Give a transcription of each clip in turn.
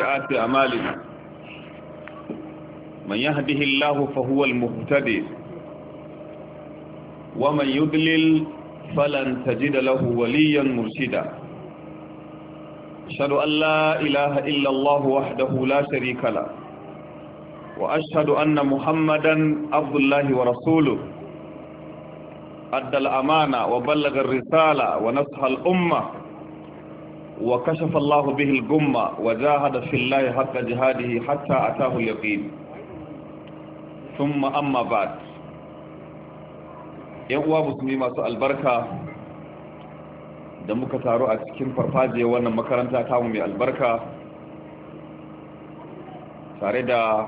وسيئات أمالنا من يهده الله فهو المهتدي ومن يضلل فلن تجد له وليا مرشدا أشهد أن لا إله إلا الله وحده لا شريك له وأشهد أن محمدا عبد الله ورسوله أدى الأمانة وبلغ الرسالة ونصح الأمة wa kashafa Allah bihi al-gumma wa jahada fillahi haqqa jihadihi hatta ataahu al-yaqin thumma amma ba'd yawwa musulmi masu albarka da muka taru a cikin farfajiyar wannan makaranta ta mu mai albarka tare da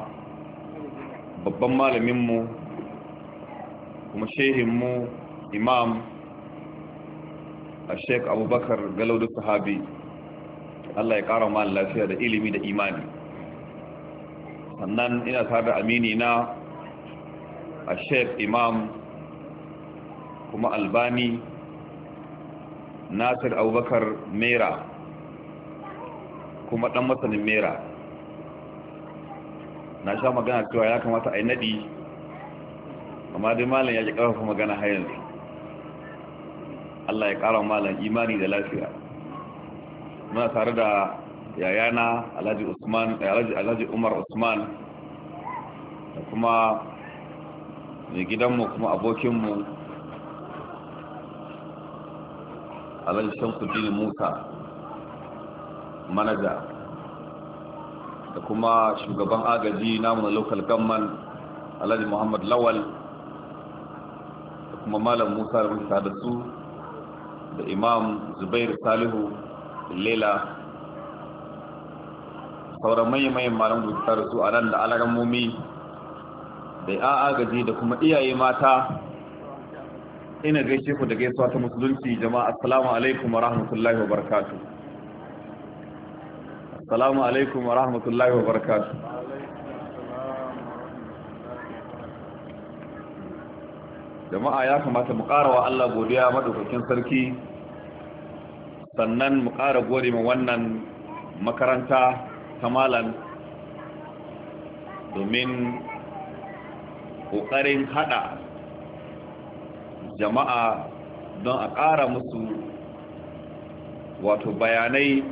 babban malamin mu kuma shehinmu mu imam الشيخ أبو بكر قالوا للصحابي Allah ya ƙara mani lafiya da ilimi da imani sannan ina tare da amini na a shef imam kuma albani nasir abubakar mera kuma ɗan masanin mera na sha magana cewa ya kamata a yi naɗi amma dai malin ya ƙi ƙarfafa magana har Allah ya ƙara malam imani da lafiya muna tare da yayana alhaji usman eh, alhaji umar usman da kuma mai gidanmu kuma abokinmu alhaji shamsuddin musa manaja da kuma shugaban agaji namu na local gamman alhaji muhammad lawal da kuma malam musa da da su da imam Zubairu salihu lela sauran mayan malam gudunar su a nan da alarammomi da ya agaji da kuma iyaye mata ina gaishe ku da gaisuwa ta musulunci jama'a assalamu alaikum wa rahmatullahi wa barakatu assalamu alaikum wa rahmatullahi wa barakatu jama'a ya kamata mu ƙarawa Allah godiya madaukakin sarki sannan mu ƙara gode ma wannan makaranta ta malan domin ƙoƙarin haɗa jama'a don a ƙara musu wato bayanai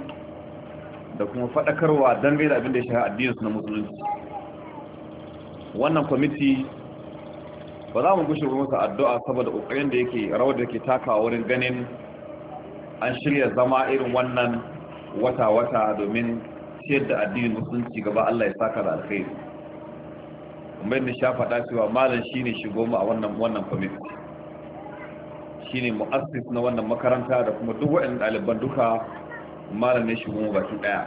da kuma faɗakarwa don gaida abin da ya shaha addininsu na musulunci wannan kwamiti ba za mu gushe musu addu'a saboda ƙoƙarin da yake rawar da ke takawa wurin ganin an shirya zama irin wannan wata-wata domin ciyar da addinin musulunci gaba Allah ya saka da alkhairi kuma yadda sha faɗa cewa malam shine shigo mu a wannan wannan kwamiti shine mu'assis na wannan makaranta da kuma duk waɗannan ɗaliban duka malam ne shigo mu baki ɗaya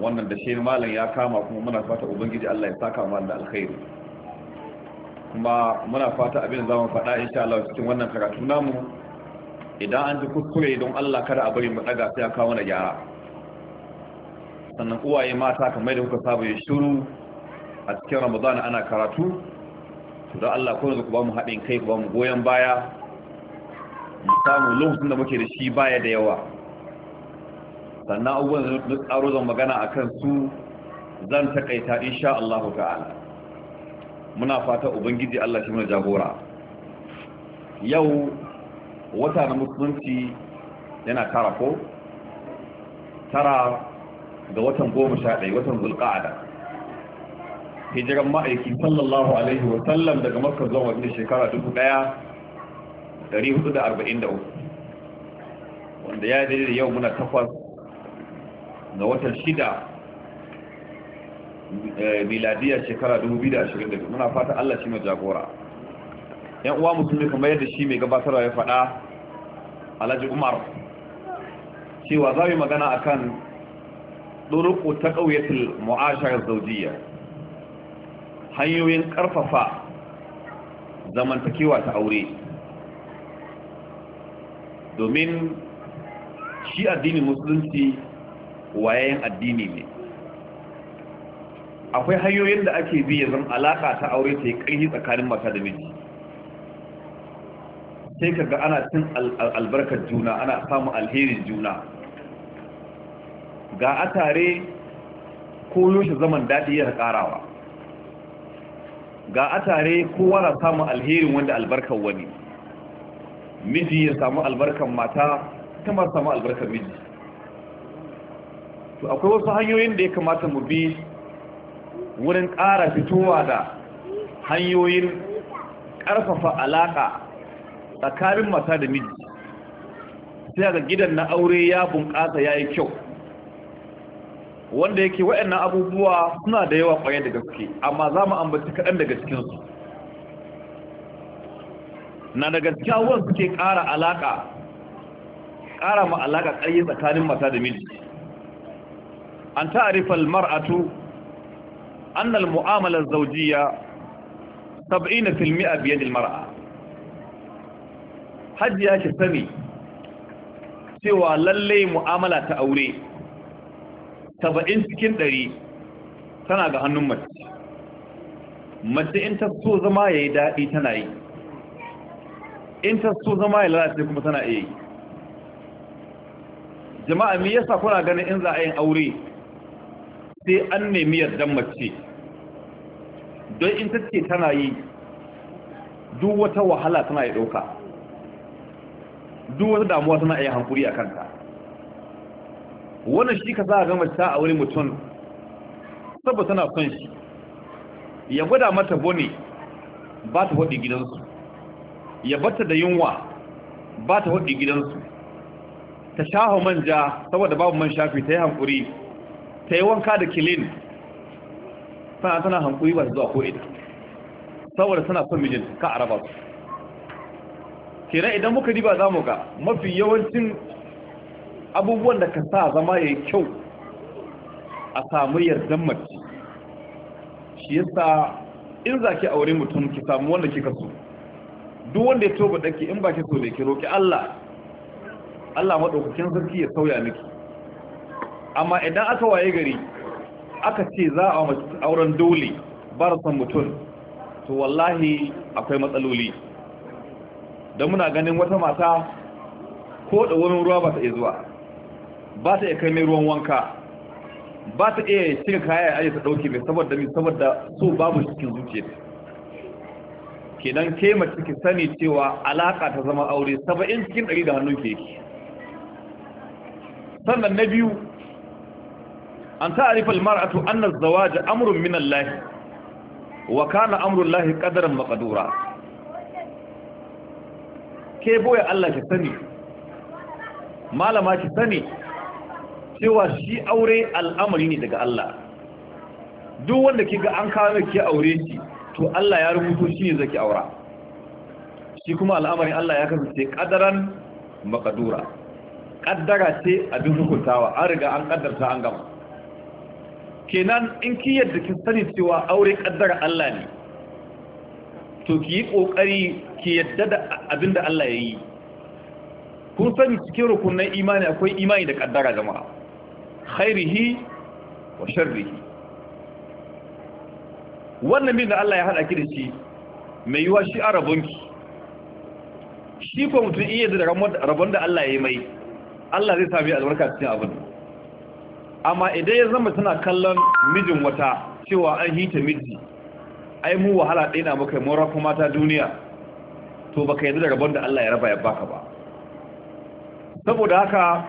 wannan da shi malam ya kama kuma muna fata ubangiji Allah ya saka mu da alkhairi kuma muna fata abin da zamu faɗa insha Allah cikin wannan karatu namu idan an ji kuskure don Allah kada a bari mu daga sai a kawo na gyara sannan uwaye mata kamar da kuka saba ya shiru a cikin Ramadan ana karatu to da Allah ko ku ba mu haɗin kai ku ba mu goyon baya mu samu lokacin da muke da shi baya da yawa sannan abubuwan da tsaro zan magana akan su zan takaita insha Allah ta'ala muna fata ubangiji Allah shi mana jagora yau wata na musulunci yana tara ko tara ga watan goma sha ɗaya watan zulƙa'ada hijiran ma'aiki sallallahu alaihi wa sallam daga makar zuwa wajen shekara dubu ɗaya ɗari hudu da arba'in da uku wanda ya daidai da yau muna takwas ga watan shida eh, miladiyar shekara dubu biyu da ashirin da muna fata allah shi mai jagora yan uwa musulmi kamar yadda shi mai gabatarwa ya faɗa alhaji umar cewa za mu magana akan ɗuruku ta ƙauyatul mu'ashar zaujiya hanyoyin ƙarfafa zamantakewa ta aure domin shi addinin musulunci wayayen addini ne akwai hanyoyin da ake bi ya zan alaƙa ta aure ta yi ƙarfi tsakanin mata da miji sai kaga ana cin albarkar juna ana samun alherin juna ga a tare koyo shi zaman daɗi ya ƙarawa ga a tare kowa na samun alherin wanda albarkar wani miji ya samu albarkar mata ta ma samu albarkar miji to akwai wasu hanyoyin da ya kamata mu bi wurin ƙara fitowa da hanyoyin ƙarfafa alaƙa tsakanin mata da miji sai ga gidan na aure ya bunƙasa ya yi kyau wanda yake wa'annan abubuwa suna da yawa ƙwaye da gaske amma za mu ambaci kaɗan daga cikinsu na daga cikin abubuwan suke ƙara alaƙa ƙara ma alaƙa ƙarye tsakanin mata da miji an ta'arifal mar'atu annal mu'amalar zaujiya 70% biyan mar'a ya ke sani cewa lalle mu'amala ta aure saba'in cikin ɗari tana ga hannun mace mace in ta so zama ya yi daɗi tana yi in ta so zama ya lalace kuma tana iya yi jama'a me yasa kuna ganin in za a yin aure sai an nemi yardan mace don in ta ce tana yi duk wata wahala tana yi ɗauka duk wata damuwa tana iya hankuri a kanta wannan shi ka za a gama ta a wani mutum saboda tana son shi ya gwada mata bone ba ta waɗi gidansu ya bata da yunwa ba ta waɗi gidansu ta shaho manja saboda babu man shafi ta yi hankuri ta yi wanka da kilin tana tana hankuri ba ta zuwa ko'ina saboda tana son mijin ka a su kenan idan muka diba za mu ga mafi yawancin abubuwan da ka sa zama ya kyau a samu yardan mace shi yasa in za ki aure mutum ki samu wanda kika so duk wanda ya toba dake in ba ki so da ki roƙi Allah Allah maɗaukakin sarki ya sauya miki amma idan aka waye gari aka ce za a auren dole ba son mutum to wallahi akwai matsaloli don muna ganin wata mata ko da wurin ruwa ba ta iya zuwa ba ta iya kai mai ruwan wanka ba ta iya cika kaya a yasa ɗauke mai saboda mai saboda so babu cikin ke nan ke mace ki sani cewa alaka ta zama aure saba'in cikin ɗari da hannun ke sannan na biyu an ta'arifal mar'atu anna zawa da Amurin Minan Lahi, wa kana amurin lahi ƙadarin maqdura ke boye Allah ki sani malama ki sani cewa shi aure al'amari ne daga Allah duk wanda kiga an kawo miki aure shi to Allah ya rubuto shi ne zaki aura shi kuma al'amarin Allah ya kasance kadaran maqdura kaddara ce a duk hukuntawa an riga an kaddarta an gama kenan in ki yadda ki sani cewa aure kaddara Allah ne to ki yi kokari Ke yadda da abinda Allah ya yi kun sani cikin rukunan imani akwai imani da kaddara jama'a khairihi wa sharrihi wannan bin da Allah ya hada ki da shi mai yiwa shi arabun ki shi ko mutum iya da rabon da Allah ya yi mai Allah zai sami albarka cikin abin amma idan ya zama tana kallon mijin wata cewa an hita miji ai mu wahala ɗaya na muka yi mora kuma ta duniya to baka yarda da rabon da Allah ya raba ya baka ba saboda haka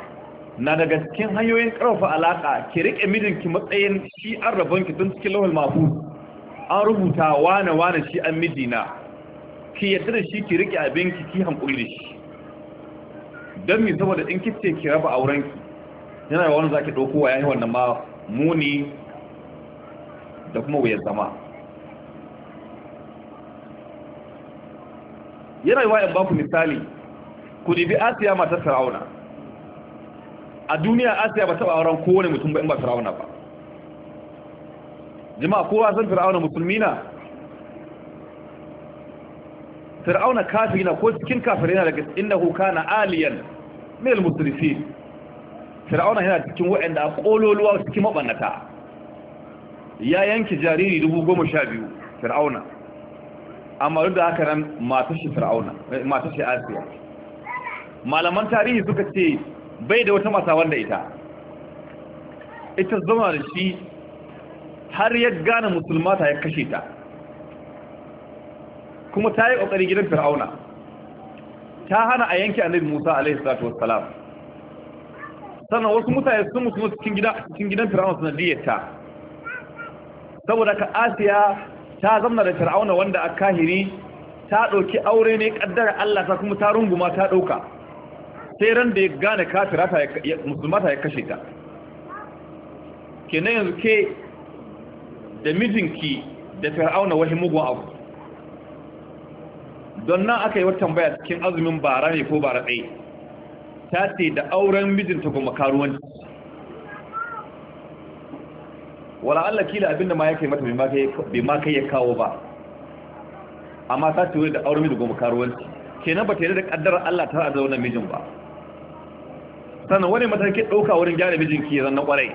na daga cikin hanyoyin karfafa alaka ki rike ki matsayin shi an rabon ki don cikin lawal mafu an rubuta wane wane shi an na. ki yarda da shi ki rike abin ki ki hankuri da shi don mi saboda in kice ki raba aurenki yana da wani zaki ɗauko wa yayi wannan ma muni da kuma wuyar zama yana yi wa'in baku misali ku ɗibi asiya matar fir'auna a duniya asiya ba taɓa auren kowane mutum ba in ba fir'auna ba Jima'a kowa san fir'auna musulmi na fir'auna kafiri na ko cikin kafirai na daga innahu kana aliyan min al-musrifin fir'auna yana cikin waɗanda a kololuwa cikin maɓannata. ya yanki jariri dubu goma sha biyu fir'auna amma duk da haka nan masu shi fir'auna eh, masu shi asiya malaman tarihi suka ce bai da wata mata wanda ita ita zama da shi har ya gane musulmata ya kashe ta kuma ta yi ƙoƙari gidan fir'auna ta hana a yanki annabi musa alaihi salatu wassalam sannan wasu mutane sun mutu cikin gidan fir'auna sanadiyar ta saboda ka asiya ta zamna da fir'auna wanda a kahiri ta ɗauki aure ne ƙaddara Allah ta kuma ta runguma ta ɗauka sai ran da ya gane kafira ta musulmata ya kashe ta kenan yanzu ke da mijinki da fir'auna wahi mugun abu don nan aka yi wata tambaya cikin azumin bara ne ko bara ɗaya ta ce da auren mijinta kuma karuwanci wala Allah kila da ma ya kai mata bai ma kai ya kawo ba amma ta ce da aure miji goma karuwanci kenan ba ta yi da kaddara Allah ta da wannan mijin ba sannan wani mataki ɗauka wurin gyara mijin ki zan na kwarai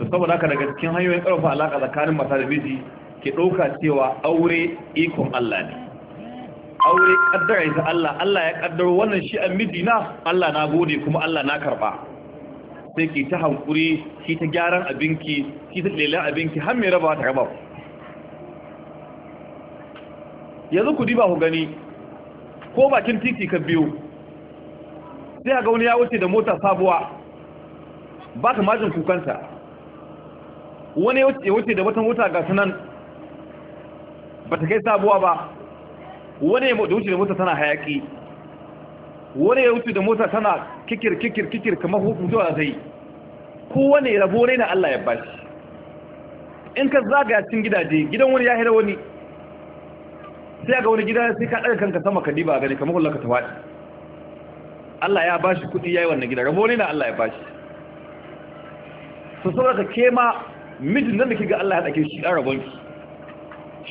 to saboda haka daga cikin hanyoyin ƙarfafa alaƙa tsakanin mata da miji ke ɗauka cewa aure ikon Allah ne aure kaddara ita Allah Allah ya kaddaro wannan shi a miji na Allah na gode kuma Allah na karba sai ki ta hankuri ki ta gyaran abinki ki ta lelan abinki har mai raba ta raba yanzu ku diba ku gani ko bakin titi ka biyo sai ga wani ya wuce da mota sabuwa ba ka majin kukansa wani ya wuce da wata mota ga sunan ba ta kai sabuwa ba wani ya wuce da mota tana hayaki wani ya wuce da mota tana kikir kikir kikir kamar mutuwa zai wani rabo ne na Allah ya bashi in ka zagaya cikin gidaje gidan wani ya hira wani sai ga wani gida sai ka ɗaga kanka sama ka diba gani kamar kullaka ta waɗi. Allah ya bashi kuɗi yayi wannan gida rabo ne na Allah ya bashi su saboda ke ma mijin nan da kiga Allah ya dake shi ɗan rabon ki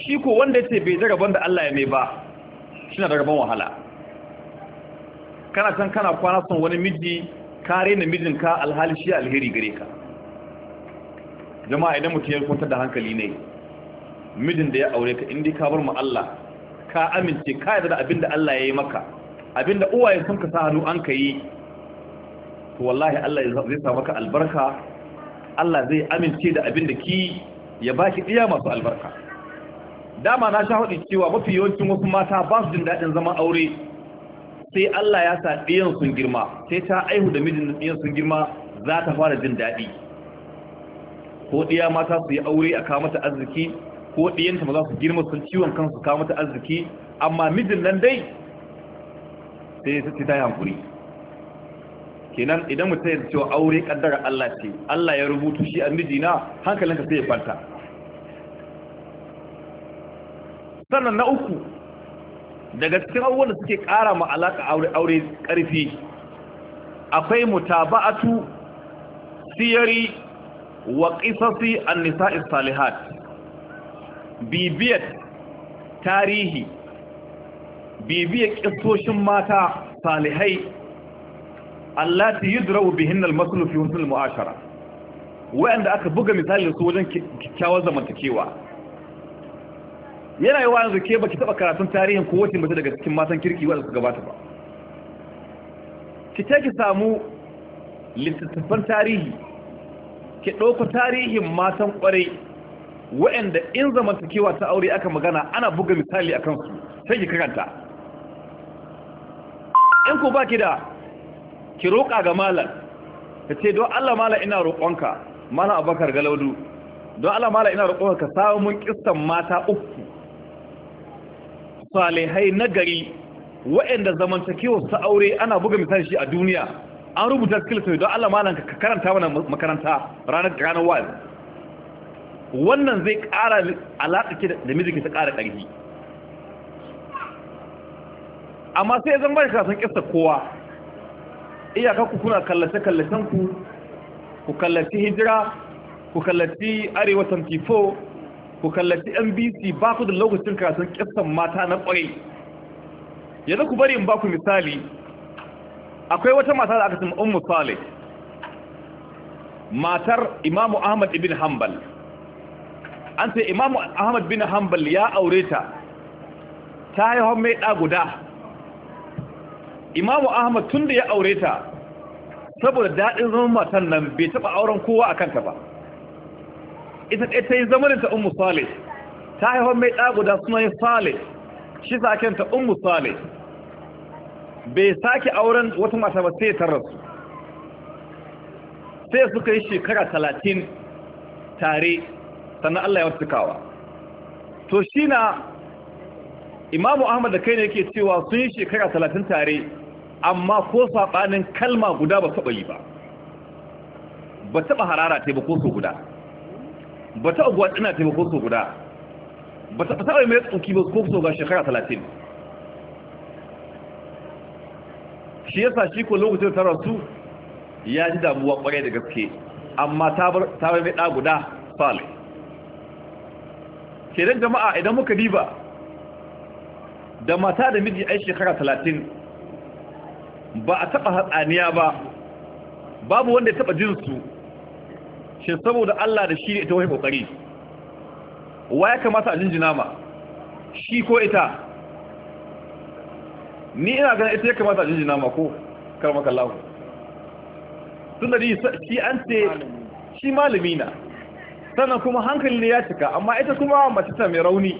shi ko wanda ya ce bai ji rabon da Allah ya mai ba shi na da rabon wahala kana kan kana kwana son wani miji kare na ka alhali shi alheri gare ka jama'a idan mutum ya kwanta da hankali ne mijin da ya aure ka indai ka bar mu Allah ka amince ka yarda da abinda Allah ya yi maka abinda uwaye sun ka sa hannu an ka yi to wallahi Allah zai sa maka albarka Allah zai amince da abinda ki ya baki iya masu albarka dama na sha hudu cewa mafi yawancin wasu mata ba su jin daɗin zaman aure sai Allah ya sa ɗiyan sun girma sai ta aihu da mijin ɗiyan sun girma za ta fara jin daɗi ko ɗiya mata su yi aure a kawo mata arziki ko ɗiyanta ma za su girma sun ciwon kansu kawo mata arziki amma mijin nan dai sai ta ce ta yi hankuri kenan idan mutum ya cewa aure kaddara Allah ce Allah ya rubutu shi a mijina hankalinka sai ya kwanta sannan na uku daga cikin abubuwan da suke ƙara ma alaƙa aure ƙarfi akwai mutaba'atu siyari wa ƙisasi an nisa'is salihat bibiyar tarihi bibiyar ƙistoshin mata salihai allati yudrabu bihinna al-maslu fi husn al-mu'ashara wa'anda aka buga misali su wajen kyakkyawar zamantakewa yana yi wa yanzu ke baki taba karatun tarihin ko wacce bata daga cikin matan kirki wadda suka gabata ba ki ce ki samu littattafan tarihi ki ɗauka tarihin matan ƙwarai waɗanda in zamantakewa ta aure aka magana ana buga misali a kansu sai ki karanta in ku ba ki da ki roƙa ga malam ka ce don allah malam ina roƙonka malam abakar galaudu don allah malam ina roƙonka ka samun kistan mata uku salihai gari, waɗanda zamantakewa su aure ana buga misali shi a duniya an rubuta skill don Allah malan ka karanta mana makaranta ranar ranar wannan zai ƙara alaƙa da miji ta ƙara ƙarfi amma sai zan bari kasan kissa kowa iyaka ku kuna kallace kallacenku, ku kallaci hijira ku kallaci arewa 74 ku kallaci NBC ba ku da lokacin karatun kissan mata na kwarai yanzu ku bari in ba ku misali akwai wata mata da aka sami ummu salih matar imamu ahmad ibn hanbal an sai imamu ahmad bin hanbal ya aure ta ta haihuwar mai ɗa guda imamu ahmad tun da ya aure ta saboda daɗin zama matan nan bai taɓa auren kowa a kanta ba ita ɗaya ta yi zamanin ta ummu ta haifar mai ɗa guda suna yi Sale shi saken ta ummu bai sake auren wata mata ba sai ta rasu sai suka yi shekara talatin tare sannan Allah ya wasu kawa to shi na imamu ahmad da kai ne yake cewa sun yi shekara talatin tare amma ko saɓanin kalma guda ba taɓa yi ba ba taɓa harara ta ba ko so guda ba ta abuwa ina taimako so guda ba ta taɓa mai tsoki ba ko so ga shekara talatin shi yasa shi ko lokacin ta rasu ya ji damuwa kwarai da gaske amma ta bar mai ɗa guda sale kenan jama'a idan muka diba da mata da miji ai shekara talatin ba a taɓa hatsaniya ba babu wanda ya taɓa jinsu shi saboda Allah da shi ne ita wai kokari wa ya kamata a jinjina ma shi ko ita ni ina ganin ita ya kamata a jinjina ma ko karmaka Allah tun da shi an ce shi malami na sannan kuma hankali ne ya cika amma ita kuma mace ta mai rauni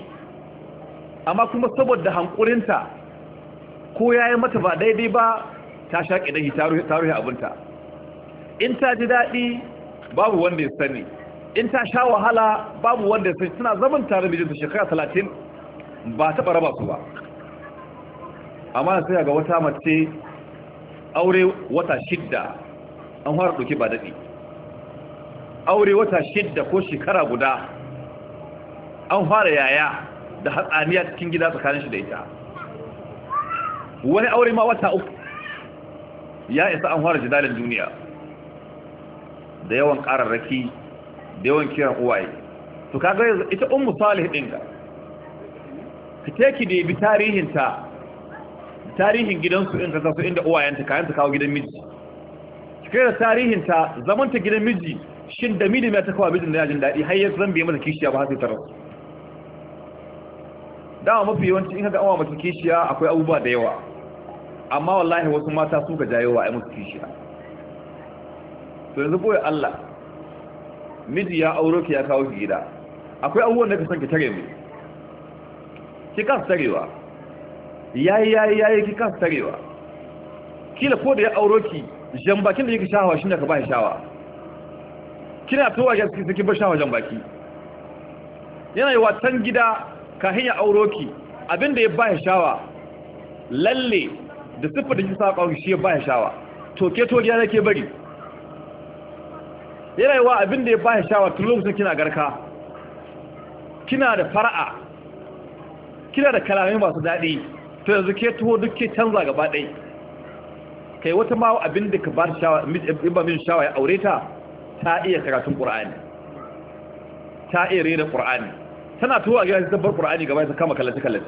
amma kuma saboda hankurinta ko ya yi mata ba daidai ba ta shaƙi dahi ta ruhe abinta in ta ji daɗi babu wanda ya sani in ta sha wahala babu wanda ya sani suna zaman tare mijinta shekara talatin ba taɓa ba su ba amma sai ga wata mace aure wata shidda an fara ɗauki ba daɗi aure wata shidda ko shekara guda an fara yaya da hatsaniya cikin gida tsakanin shi da ita wani aure ma wata uku ya isa an fara jidalin duniya da yawan ƙararraki da yawan kiran uwaye to kaga yanzu ita ummu salih din ga ka teki da bi tarihin ta tarihin gidansu in ka su inda uwayenta kayan ta kawo gidan miji cikin da tarihin ta zaman ta gidan miji shin da mini ta kawo mijin da yajin daɗi har yanzu zan biya mata kishiya ba sai ta rasu dama mafi yawanci in kaga ga wa mata kishiya akwai abubuwa da yawa amma wallahi wasu mata su jayo wa ai musu kishiya to yanzu boye Allah miji ya auro ki ya kawo ki gida akwai abubuwan da ka san ki tare mu ki kan tarewa yayi yayi yayi ki kan tarewa kila ko da ya auro ki jan bakin da yake shawa shine ka ba shi shawa kina towa ga ki saki ba shawa jan baki yana yi watan gida ka hanya auro ki abinda ya ba shi shawa lalle da siffar da kisa kawo shi ya ba shi shawa to ke to gida ke bari yana yi wa abin da ya ba shi shawar tun lokacin kina garka kina da fara'a kina da kalamai masu daɗi to yanzu ke tuho duk ke canza gaba ɗai kai wata ma abin da ka ba shi ba min shawar ya aure ta ta iya karatun ƙura'ani ta iya rera ƙura'ani. tana tuho a gina ta bar ƙura'ani gaba ta kama kallace kallace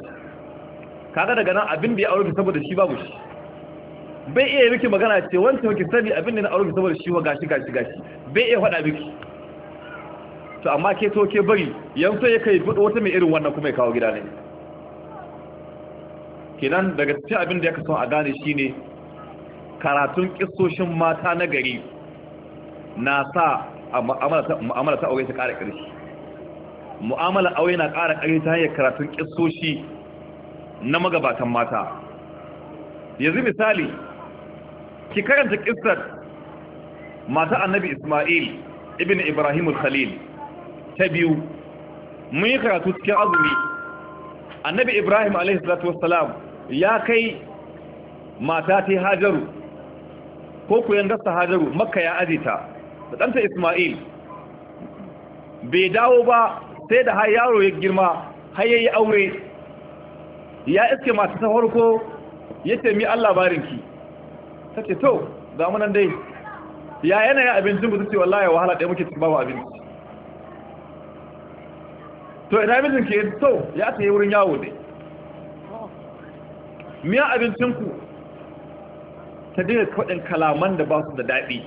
kaga daga nan abin da ya aure ta saboda shi babu shi bai iya miki magana ce wancan waki sani abin da na aure saboda shi wa gashi gashi gashi bai iya faɗa miki to amma ke so ke bari yanzu ya kai buɗe wata mai irin wannan kuma ya kawo gida ne kenan daga cikin abin da ya kaso a gane shi ne karatun kissoshin mata na gari na sa mu'amala ta aure ta ƙara ƙarshe mu'amala aure na ƙara ƙarshe ta hanyar karatun kissoshi na magabatan mata yanzu misali ki karanta kissar mata annabi Ismail ibn Ibrahim al-Khalil ta biyu mun yi karatu cikin azumi annabi Ibrahim alaihi salatu wassalam ya kai mata ta Hajaru ko ku yanda ta Hajaru Makka ya ajita da ɗanta Ismail bai dawo ba sai da har yaro ya girma har yayi aure ya iske mata ta farko yace mi Allah barinki ta ce to ga nan dai ya yanayin abincin ba su ce wallahi wahala ɗaya muke babu abinci to ina mijin ke to ya ta yi wurin yawo dai miya abincinku ta daina kwaɗin kalaman da ba su da daɗi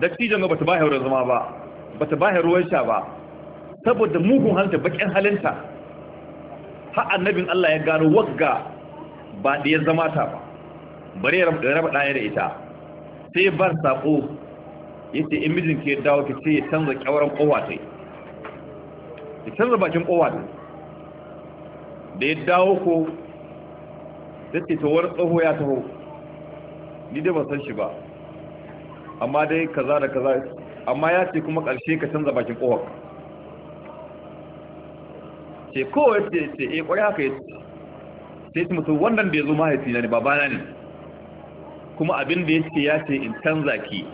da cijon ba ta ba haurin zama ba ba ta ba ruwan sha ba saboda mugun hanta bakin halinta har annabin Allah ya gano wagga ba da ya zama ta ba bari ya raba ɗaya da ita sai bar saƙo ya ce in mijin ke dawo ki ce ya canza ƙyawaran ƙowa ta ya canza bakin ƙowa ta da ya dawo ko ta ce ta wani tsoho ya taho ni dai ba san shi ba amma dai kaza da kaza amma ya ce kuma ƙarshe ka canza bakin ƙowar ce ko ya ce e eh, ƙwari haka ya ce sai su mutu wannan da ya zo mahaifi na ne babana ne kuma abin da yake ya ce in canza ki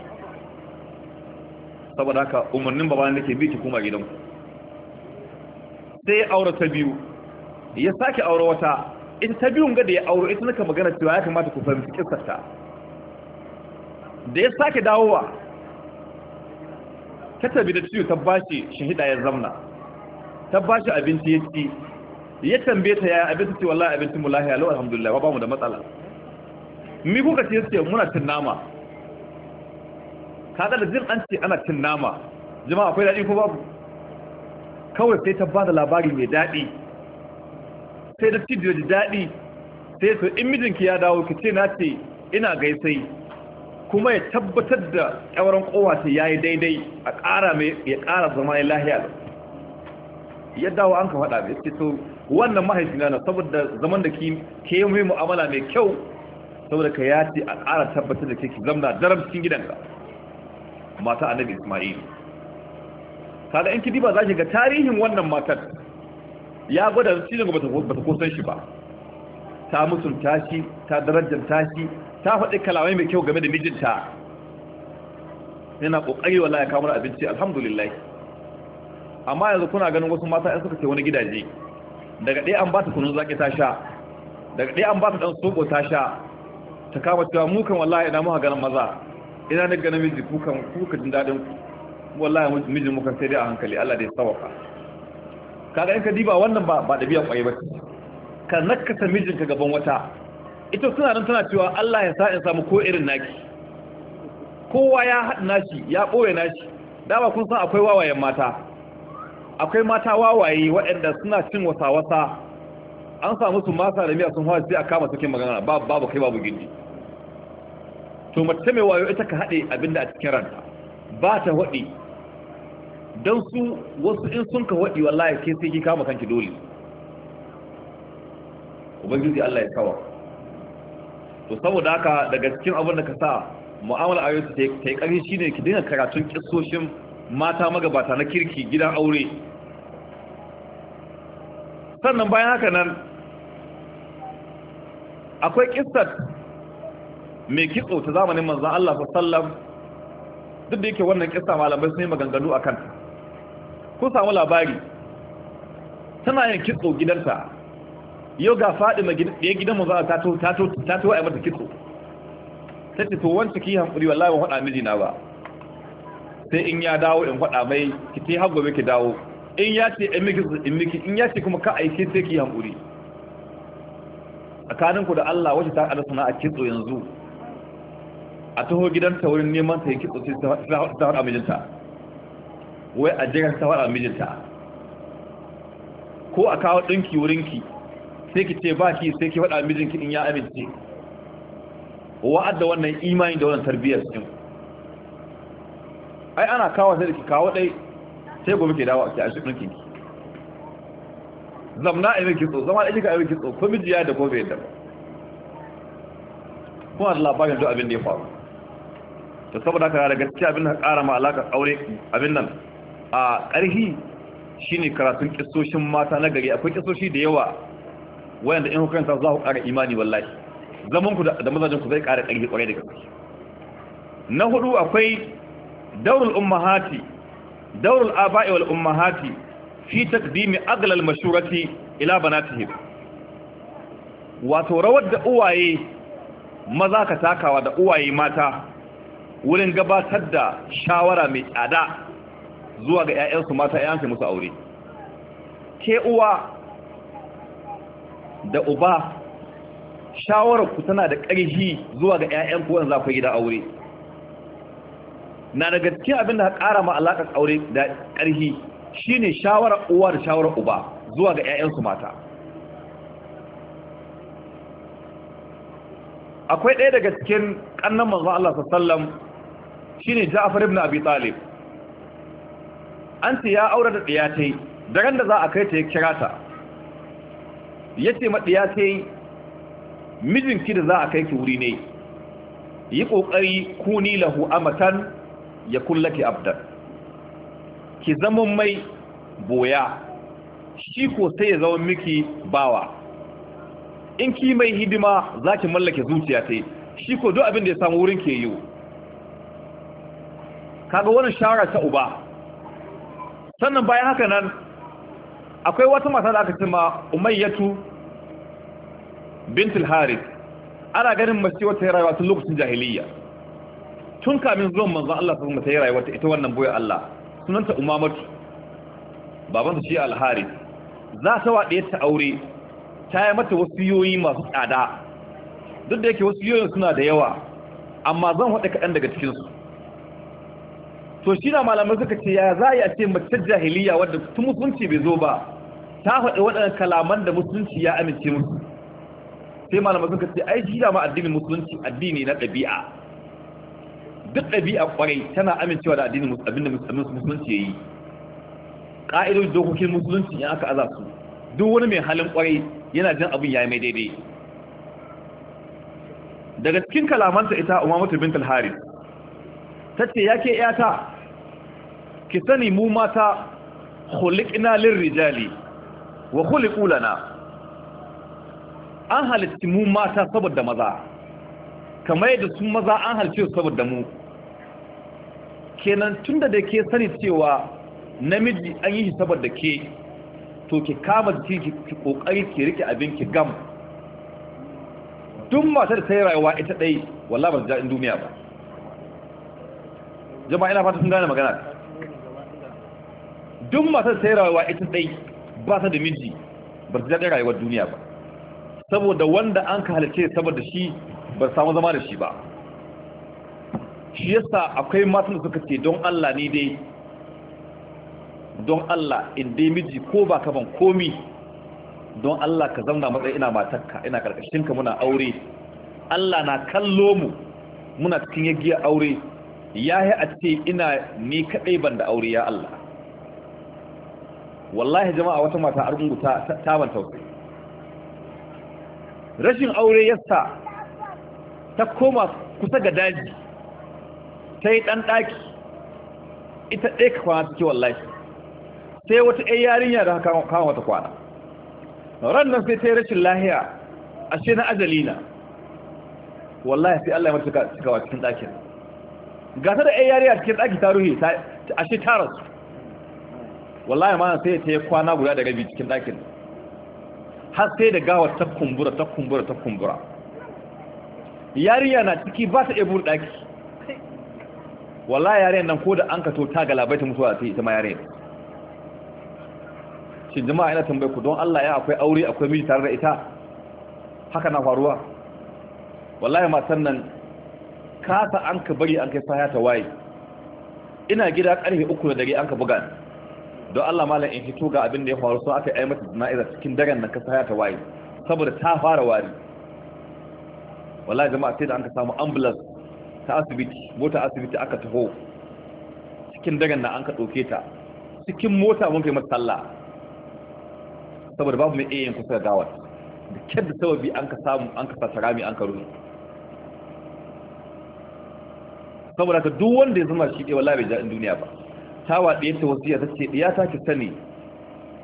saboda haka umarnin babana nake bi ki kuma gidanku sai ya aure ta biyu ya sake aure wata ita ta biyun ga da ya aure ita naka magana cewa ya kamata ku fahimci ta. da ya sake dawowa ta tabi da ciwo ta bashi shahida ya zamna ta bashi abinci ya ci ya tambaye ta ya abinci ce wallahi abincin mu lahiya alhamdulillah ba mu da matsala mi kuka ce ce muna cin nama kaga da jin an ce ana cin nama jama'a akwai daɗi ko babu kawai sai ta bada labari mai daɗi sai da ci da daɗi sai to in mijinki ya dawo ki ce na ce ina gaisai kuma ya tabbatar da ƙyawaran kowa ya yi daidai a ƙara mai ya ƙara zama ya lahiya ya dawo an ka faɗa mai ce to wannan mahaifina na saboda zaman da ke yi mu'amala mai kyau saboda ka ya ce a ƙara tabbatar da kake zamna daram cikin gidanka mata annabi isma'il kaga in kidi ba za ki ga tarihin wannan matar ya gwada shi ne ba ta kosan shi ba ta mutunta shi ta darajanta shi ta faɗi kalamai mai kyau game da mijinta yana ƙoƙari wa ya kamar abinci alhamdulillah amma yanzu kuna ganin wasu mata yan suka ce wani gidaje daga ɗaya an ba ta kunun zaƙi ta sha daga ɗaya an ba ta ɗan soko ta sha ta kama cewa mukan wallahi ina muka ganin maza ina ne ganin miji kukan kuka jin dadin ku wallahi miji mu sai dai a hankali Allah da ya sawaka kaga in ka diba wannan ba ba dabi'a kwaye ba ka nakkata mijin ka gaban wata ita suna nan tana cewa Allah ya sa in samu ko irin naki kowa ya haɗa nashi ya ɓoye nashi dama kun san akwai wawayen mata akwai mata wawaye waɗanda suna cin wasa-wasa an samu su masa da miya sun hawa sai a kama suke magana babu kai babu gindi to mace mai wayo ita ka haɗe abinda a cikin ranta ba ta haɗi don su wasu in sun ka haɗi wallahi ke sai ki kama kanki dole ubangiji Allah ya kawo to saboda haka daga cikin abin da ka sa mu'amala a yau ta yi ƙarfi shine ki dinga karatun kissoshin mata magabata na kirki gidan aure sannan bayan haka nan akwai kistar mai kitso ta zamanin manzan Allah sallam duk da yake wannan kista malamai sun yi maganganu a kan ku samu labari tana yin kitso gidanta yau ga faɗi mai gidan manzan ta ta tato a mata kitso ta ce to wancan ki hankuri wallahi ban faɗa mijina ba sai in ya dawo in faɗa mai ki te har gobe ki dawo in ya ce in miki in ya ce kuma ka aike sai ki hankuri tsakaninku da Allah wacce ta kada sana'a kitso yanzu a taho gidanta wurin neman ta yi kitso sai ta faɗa mijinta wai a jiran ta faɗa mijinta ko a kawo ɗinki wurinki sai ki ce ba ki sai ki faɗa mijinki in ya amince da wannan imani da wannan tarbiyyar cikin ai ana kawo sai da ki kawo ɗai sai gobe ke dawo a ke a shi zamna a yi kitso zama da kika a yi kitso ko mijiya da ko bai da kuma da labarin duk abin da ya faru ta saboda haka da gaskiya abin da kara ma alaƙar aure abin nan a ƙarhi shine karatun kissoshin mata na gari akwai kissoshi da yawa wayanda in hukunta za ku ƙara imani wallahi zaman ku da mazajin ku zai ƙara ƙarfi ƙwarai da gaske na hudu akwai daurul ummahati daurul aba'i wal ummahati fi takdimi aglal mashurati ila banatihim wato rawar da uwaye maza ka takawa da uwaye mata wurin gabatar da shawara mai tsada zuwa ga 'ya'yansu mata 'ya'yansu musu aure ke uwa da uba shawararku tana da ƙarfi zuwa ga 'ya'yanku wanda za ku gida aure na daga cikin abin da ƙara ma alaƙar aure da ƙarfi shine shawara uwa da shawara uba zuwa ga 'ya'yansu mata akwai ɗaya daga cikin ƙannan manzo Allah sallam shine Ja'far ibn Abi Talib an ce ya aure da ɗiyatai daren da za a kai ta ya kira ta ce ma ɗiyatai mijinki da za a kai ki wuri ne yi ƙoƙari kuni lahu amatan ya kullaki abdan ki zama mai boya shi ko sai ya zama miki bawa in ki mai hidima za ki mallake zuciya ta shi ko duk abin da ya samu wurin ke yi kaga wannan shawara ta uba sannan bayan haka nan akwai wata mata da aka cima umayyatu bintul harith ana ganin mace wata rayuwa tun lokacin jahiliya tun kamin zuwan manzon Allah sallallahu alaihi wasallam ta rayuwa ita wannan boye Allah sunanta umamatu babansa shi alhari za ta waɗe ta aure ta yi mata wasu yoyi masu tsada duk da yake yoyin suna da yawa amma zan haɗe kaɗan daga cikinsu to shi na malamai suka ce ya za a ce mace jahiliya wadda tun musulunci bai zo ba ta faɗi waɗannan kalaman da musulunci ya amince musu sai malamai suka ce ai shi da ma addinin musulunci addini na ɗabi'a duk ɗabi'a kwarai tana amincewa da addinin abinda musulunci yayi ƙa'idar dokokin musulunci in aka aza su duk wani mai halin kwarai yana jin abin yayi mai daidai daga cikin kalamanta ita umamatu bint al-harith tace yake ta. ki sani mu mata khuliqna lirrijali wa khuliqu lana an halitta mu mata saboda maza kamar yadda sun maza an halce su saboda mu kenan tunda da ke sani cewa namiji an yi shi saboda ke to ki kama jiki ki kokari ki rike abin ki gam duk matar da ta yi rayuwa ita dai wallahi ba su daɗin duniya ba jama'a ina fata sun gane magana duk matar da ta yi rayuwa ita dai ba ta da miji ba su daɗin rayuwar duniya ba saboda wanda an ka halice saboda shi ba samu zama da shi ba shi yasa akwai matan suka ce don Allah ni dai don Allah in dai miji ko ba ka ban komi don Allah ka zamna matsayi ina matarka ina karkashin ka muna aure Allah na kallo mu muna cikin yagiya aure yi a ce ina ni kadai ban da aure ya Allah wallahi jama'a wata mata argunguta ta ban tausayi rashin aure yasa ta koma kusa ga daji ta yi ɗan ɗaki ita ɗaya ka kwana take wallahi sai wata ɗaya yarinya da kama wata kwana rannan sai ta yi rashin lahiya a ce na ajali na wallahi sai Allah ya suka cikawa cikin ɗakin gata da ɗaya yarinya cikin ɗaki ta ruhe a ce tara su wallahi ma sai ta yi kwana guda da rabi cikin ɗakin har sai da gawar ta kumbura ta kumbura ta kumbura yarinya na ciki ba ta iya buɗe ɗaki wallahi yaren nan ko da an ka to ta galabai ta mutuwa ta ita ma yaren shin jama'a ina tambaye ku don Allah ya akwai aure akwai miji tare da ita haka na faruwa wallahi matan nan kasa an ka bari an kai saya ta waye ina gida karfe uku da dare an ka buga don Allah malam in hito ga abin da ya faru so aka yi mata jana'iza cikin daren nan ka saya ta waye saboda ta fara wari wallahi jama'a sai da an ka samu ambulance ta asibiti mota asibiti aka taho cikin daren na an ka ɗauke ta cikin mota mun kai mata sallah saboda babu mai iya kusa da gawar da kyar da sababi an ka samu an ka sata rami an ka rufe saboda ka duk wanda ya zama shi ɗaya labe bai jaɗin duniya ba Ta ɗaya ta wasu ta ce ɗaya ta ki sani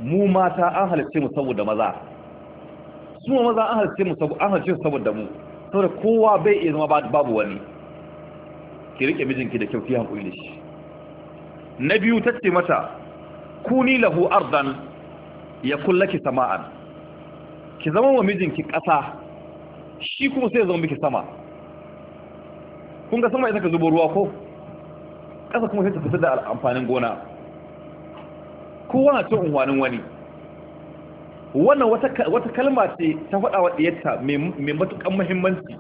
mu mata an halarce mu saboda maza su ma maza an halarce mu saboda mu saboda kowa bai iya zama babu wani ki rike mijinki da kyau ki hankuli da shi na biyu tace mata kuni lahu ardan ya kullaki sama'an ki zama wa mijinki ƙasa shi kuma sai ya zama miki sama kun ga sama ya saka zubo ruwa ko ƙasa kuma sai ta fitar da amfanin gona kowa na cin unwanin wani wannan wata kalma ce ta faɗa wa ɗiyarta mai matuƙan muhimmanci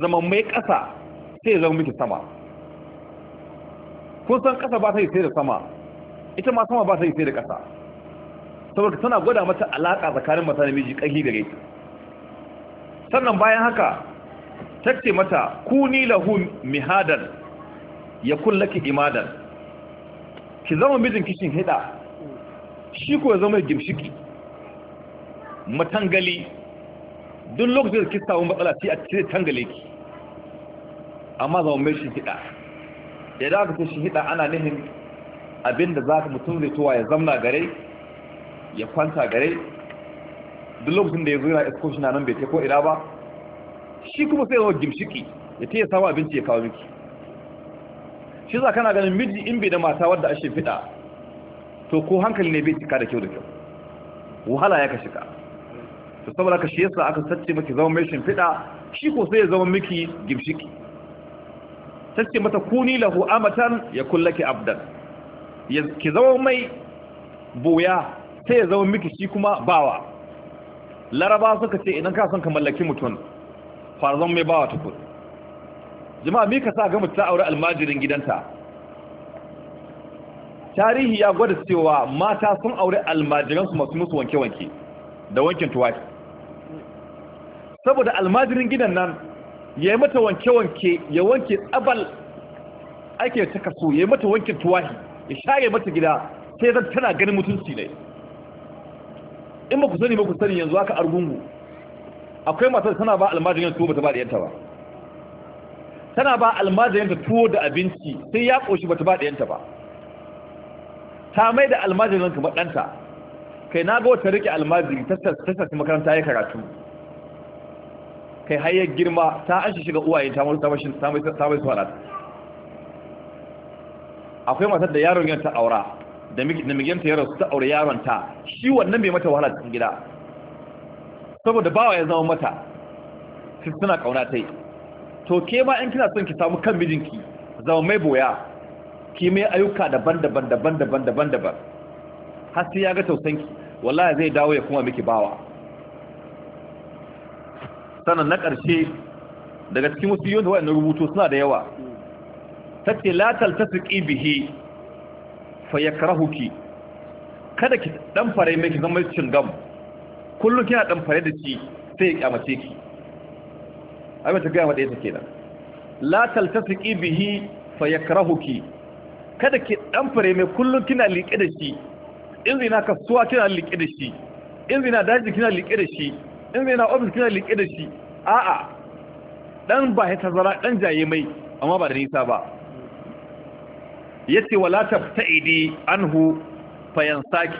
zama mai ƙasa sai ya zama miki sama kun san ƙasa ba ta yi sai da sama ita ma sama ba ta yi sai da kasa saboda tana gwada mata alaƙa tsakanin mata da miji ƙarfi gare ta sannan bayan haka tace mata kuni lahu mihadan ya kullaki imadan ki zama mijin kishin hida shi ko ya zama gimshiki matangali duk lokacin da ki samu matsala sai a cire tangale ki amma zama mai shi hida idan aka ce shihida ana nihin abinda za ka mutum zai ya zamna gare ya kwanta gare duk lokacin da ya zo yana isko shi na nan bai ko ina ba shi kuma sai yawon gimshiki ya ta ya samu abinci ya kawo miki shi za kana ganin miji in bai da mata wadda ashe fiɗa to ko hankali ne bai cika da kyau da kyau wahala ya ka shiga to saboda ka shi yasa aka sace miki zama mai shimfiɗa shi ko sai ya zama miki gimshiki ce mata kuni lahu amatan ya ki abdan ki zama mai boya sai ya zama miki shi kuma bawa laraba suka ce idan ka son ka mallaki mutum fara zama mai bawa tukur jama'a mika sa gama mutum ta aure almajirin gidanta tarihi ya gwada cewa mata sun aure almajiransu masu musu wanke-wanke da wankin tuwaki saboda almajirin gidan nan ya yi mata wanke-wanke ya wanke tsabal ake ta kaso ya yi mata wankin tuwahi ya share mata gida sai zan tana ganin mutunci ne in ba ku sani ba ku sani yanzu aka argungu akwai matar tana ba almajirin tuwo ba ta ba da yanta ba tana ba almajin ta tuwo da abinci sai ya ƙoshi ba ta ba da yanta ba ta mai da almajirin kamar ɗanta kai na ga wata rike almajiri ta makaranta ya karatu kai hayar girma ta an shiga uwaye ta mai su halata akwai matar da yaron yanta aura da miganta yaron su ta aure yaron ta shi wannan mai mata wahala cikin gida saboda bawa ya zama mata su suna kauna ta yi to ke ma in kina son ki samu kan mijinki zama mai boya ki mai ayyuka daban-daban daban-daban daban-daban har sai ya ga tausanki wallahi zai dawo ya kuma miki bawa sannan na ƙarshe daga cikin wasu yiwu da waɗanda rubutu suna da yawa ta ce latal ta suƙi bihi fa ya kada ki ɗan fara yi mai ki zama cin gam kullum kina ɗan fara da shi sai ya ƙyamace ki abin ta gaya maɗaya ta kenan latal ta suƙi bihi fa ya kada ki ɗan fara yi mai kullum kina liƙe da shi in zina kasuwa kina liƙe da shi in zina daji kina liƙe da shi in zai na ofis kina liƙe da shi a'a dan ba ya tazara dan jaye mai amma ba da nisa ba Ya yace wala hu fayan saki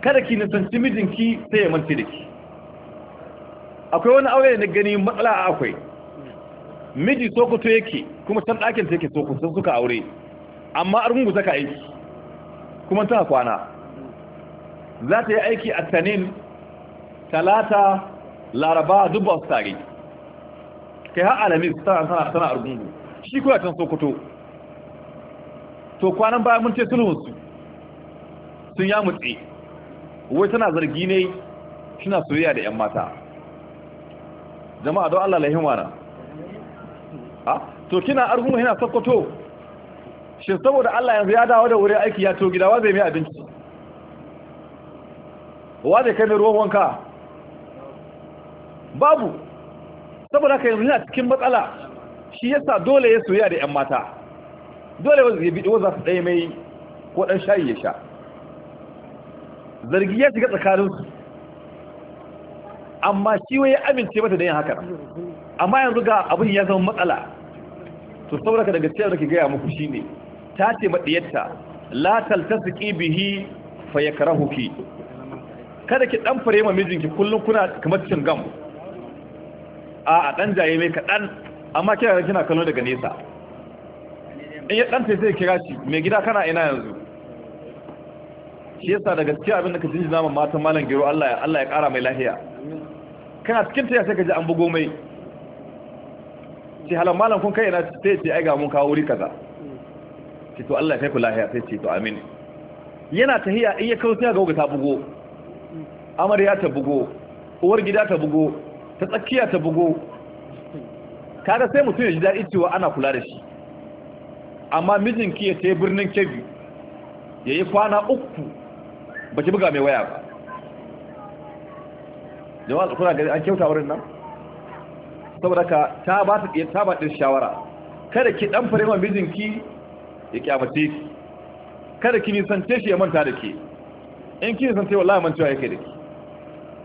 kada ki nisanci mijinki sai ya manta da ki akwai wani aure da na gani matsala a akwai miji sokoto yake kuma can ɗakin take sokoto suka aure amma a rungu zaka aiki kuma ta kwana za ta yi aiki a tanin talata laraba dubu wasu su tare kai har alamin tana sana argungu shi kuwa can sokoto to kwanan baya mun ce sulhunsu sun ya mutse wai tana zargi ne suna soyayya da 'yan mata jama'a don allah lahin wana ha to kina argungu yana sokoto shi saboda allah yanzu ya dawo da wurin aiki ya to gida wa zai mai abinci wa zai kai mai ruwan wanka babu saboda ka yanzu yana cikin matsala shi yasa dole ya soya da 'yan mata dole ya biɗi waza su ɗaya mai ko ɗan shayi ya sha zargi ya shiga tsakaninsu amma shi wai ya amince mata da yin haka amma yanzu ga abin ya zama matsala to saboda ka daga cewa da ke gaya muku shine ta ce maɗiyarta la taltasiki bihi fa yakrahuki kada ki fara fare ma mijinki kullum kuna kamar cin gam. a a dan jaye mai kaɗan amma kira da kina kallo daga nesa in ya ɗan sai sai kira shi mai gida kana ina yanzu shi yasa da gaskiya abin da ka jinji naman matan malam gero Allah ya Allah ya ƙara mai lahiya kana cikin taya sai ka ji an bugo mai ce halar malam kun kai na sai ce ai ga mun kawo wuri kaza ce to Allah ya kai ku lahiya sai ce to amin yana tahiya in ya kawo sai ga ta bugo amarya ta bugo uwar gida ta bugo ta tsakiya ta bugo kada sai mutum ya ji daɗi cewa ana kula da shi amma mijinki ya ce birnin kebi ya yi kwana uku ba ki buga mai waya ba jama'a kuna gari an kyauta wurin nan saboda ka ta ba ta ta ba ɗin shawara kada ki ɗan fare yawan mijinki ya kyamace ki kada ki nisance shi ya manta da ke in ki nisance wallahi mancewa yake da ke,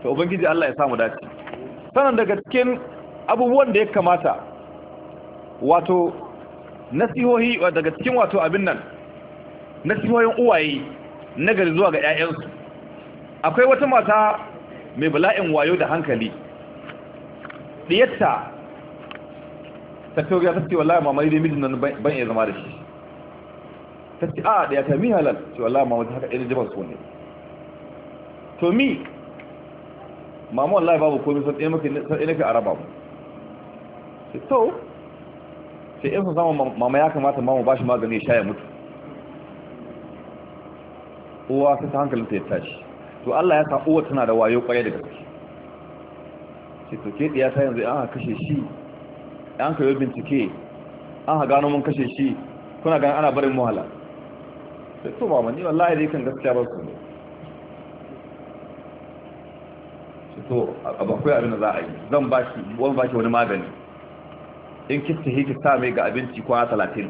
to ubangiji Allah ya samu dace sanan daga cikin abubuwan da ya kamata wato nasihohi daga cikin wato abin nan nasihohin uwaye na gari zuwa ga 'ya'yansu akwai wata mata mai bala'in wayo da hankali ɗiyatta ta ya tafi wallahi mamari da mijin nan ban iya zama da shi tafi a ɗaya ta mi halal wallahi mamari haka irin jiban su ne to mi mamu wallahi babu komai sai ɗaya maka san ɗaya nake araba mu sai to sai in sun samu mama ya kamata mamu ba shi magani ya sha ya mutu uwa sai ta hankalin ta ya tashi to Allah ya sa uwa tana da wayo kwarai daga shi sai to ke diya ta yanzu an kashe shi an ka yi bincike an ha gano mun kashe shi kuna ganin ana barin muhala sai to ba mani wallahi dai kan gaskiya ba su ne to akwai abin da za a yi zan ba shi wani ba wani magani in kista hiki sa mai ga abinci kwana talatin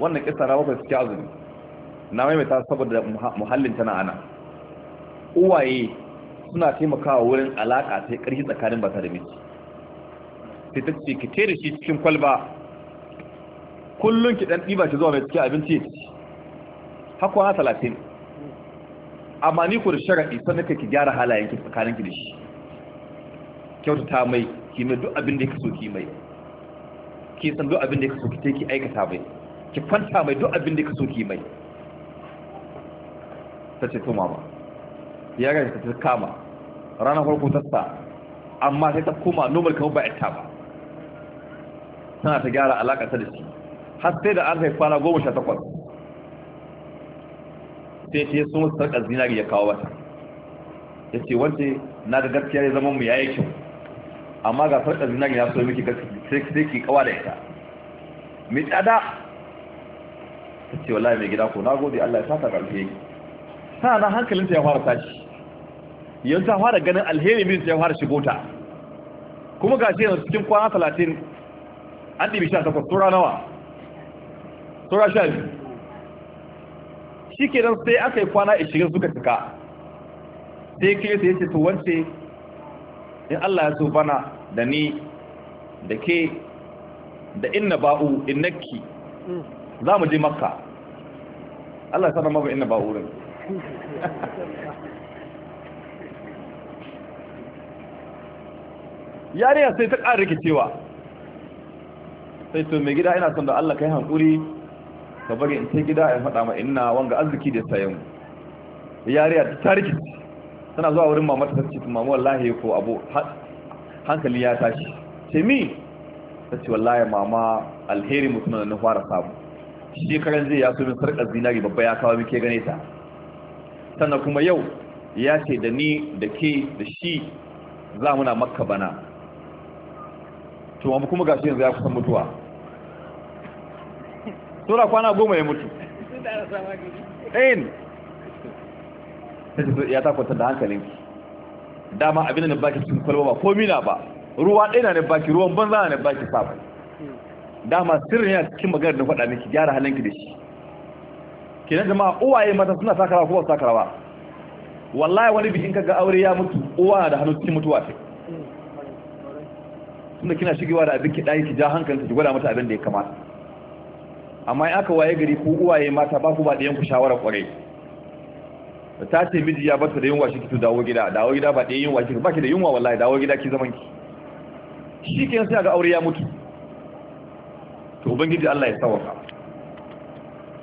wannan kisa na bakwai suke azumi na maimaita saboda muhallin tana ana uwaye suna taimakawa wurin alaka ta ƙarfi tsakanin ba ta da miki sai ta ce ki tere shi cikin kwalba kullum ki ɗan ɗiba shi zuwa mai cikin abinci ya ci har kwana talatin amma ni ku da sharaɗi sannan ka ki gyara halayen ki tsakanin ki da shi ta mai ki mai duk abin da ya kaso ki mai ki san duk abin da ya kaso ki ki aikata mai ki kwanta mai duk abin da ya kaso ki mai ta ce ba ya yaran ta kama ranar farko ta sa amma sai ta koma normal kamar ba ita ba tana ta gyara alaƙa ta da shi har sai da an haifa goma sha takwas sai ce sun wasu sarƙar zinari ya kawo wata ya ce wance na ga gaskiya ya zama mu ya yi kyau amma ga sarƙar zinari ya so miki gaskiya sai ki kawa da ita mai tsada ta ce wallahi mai gida ko na gode Allah ya saka ƙarfe sa na hankalinta ya fara tashi yanzu ta fara ganin alheri min ya fara shigo ta kuma ga shi yanzu cikin kwana talatin an ɗibi sha takwas tura nawa tura sha biyu shi ke nan sai aka yi kwana 20 suka cika sai kirista ya ce to wance in Allah ya so da ni da ke da inna ba'u innaki za mu je makka Allah ya sanar mabu inna ba'u rin yariya sai ta ƙara rikicewa sai to mai gida ina son da Allah kai hankuri ka bari in sai gida in faɗa ma ina wanga arziki da sayan yariya ta tariki tana zuwa wurin mamata ta ce mamu wallahi ko abu hankali ya tashi ce mi ta ce wallahi mama alheri mutum na fara samu shekaran zai ya so min sarƙar zinari babba ya kawo muke gane ta sannan kuma yau ya ce da ni da ke da shi za muna makka bana to amma kuma gashi yanzu ya kusan mutuwa tura kwana goma ya mutu ɗin ya ta kwanta da hankalin dama abin da baki cikin kwalba ba ko mina ba ruwa ɗaya na baki ruwan banza na baki fafa dama sirrin ya cikin maganar da faɗa miki gyara halinki da shi kenan jama'a uwaye mata suna sakara ko wasu sakara ba wallahi wani bikin kaga aure ya mutu uwa da hannu cikin mutuwa ce tunda kina shigewa da abin ki ɗaya ki ja hankalinta ki gwada mata abin da ya kamata amma in aka waye gari ku uwaye mata ba ku ba da yanku shawara kwarai ta ce miji ya bata da yunwa shi ki dawo gida dawo gida ba da yunwa ki ba ki da yunwa wallahi dawo gida ki zaman ki shi ke sai ga aure ya mutu to ubangiji Allah ya sawaka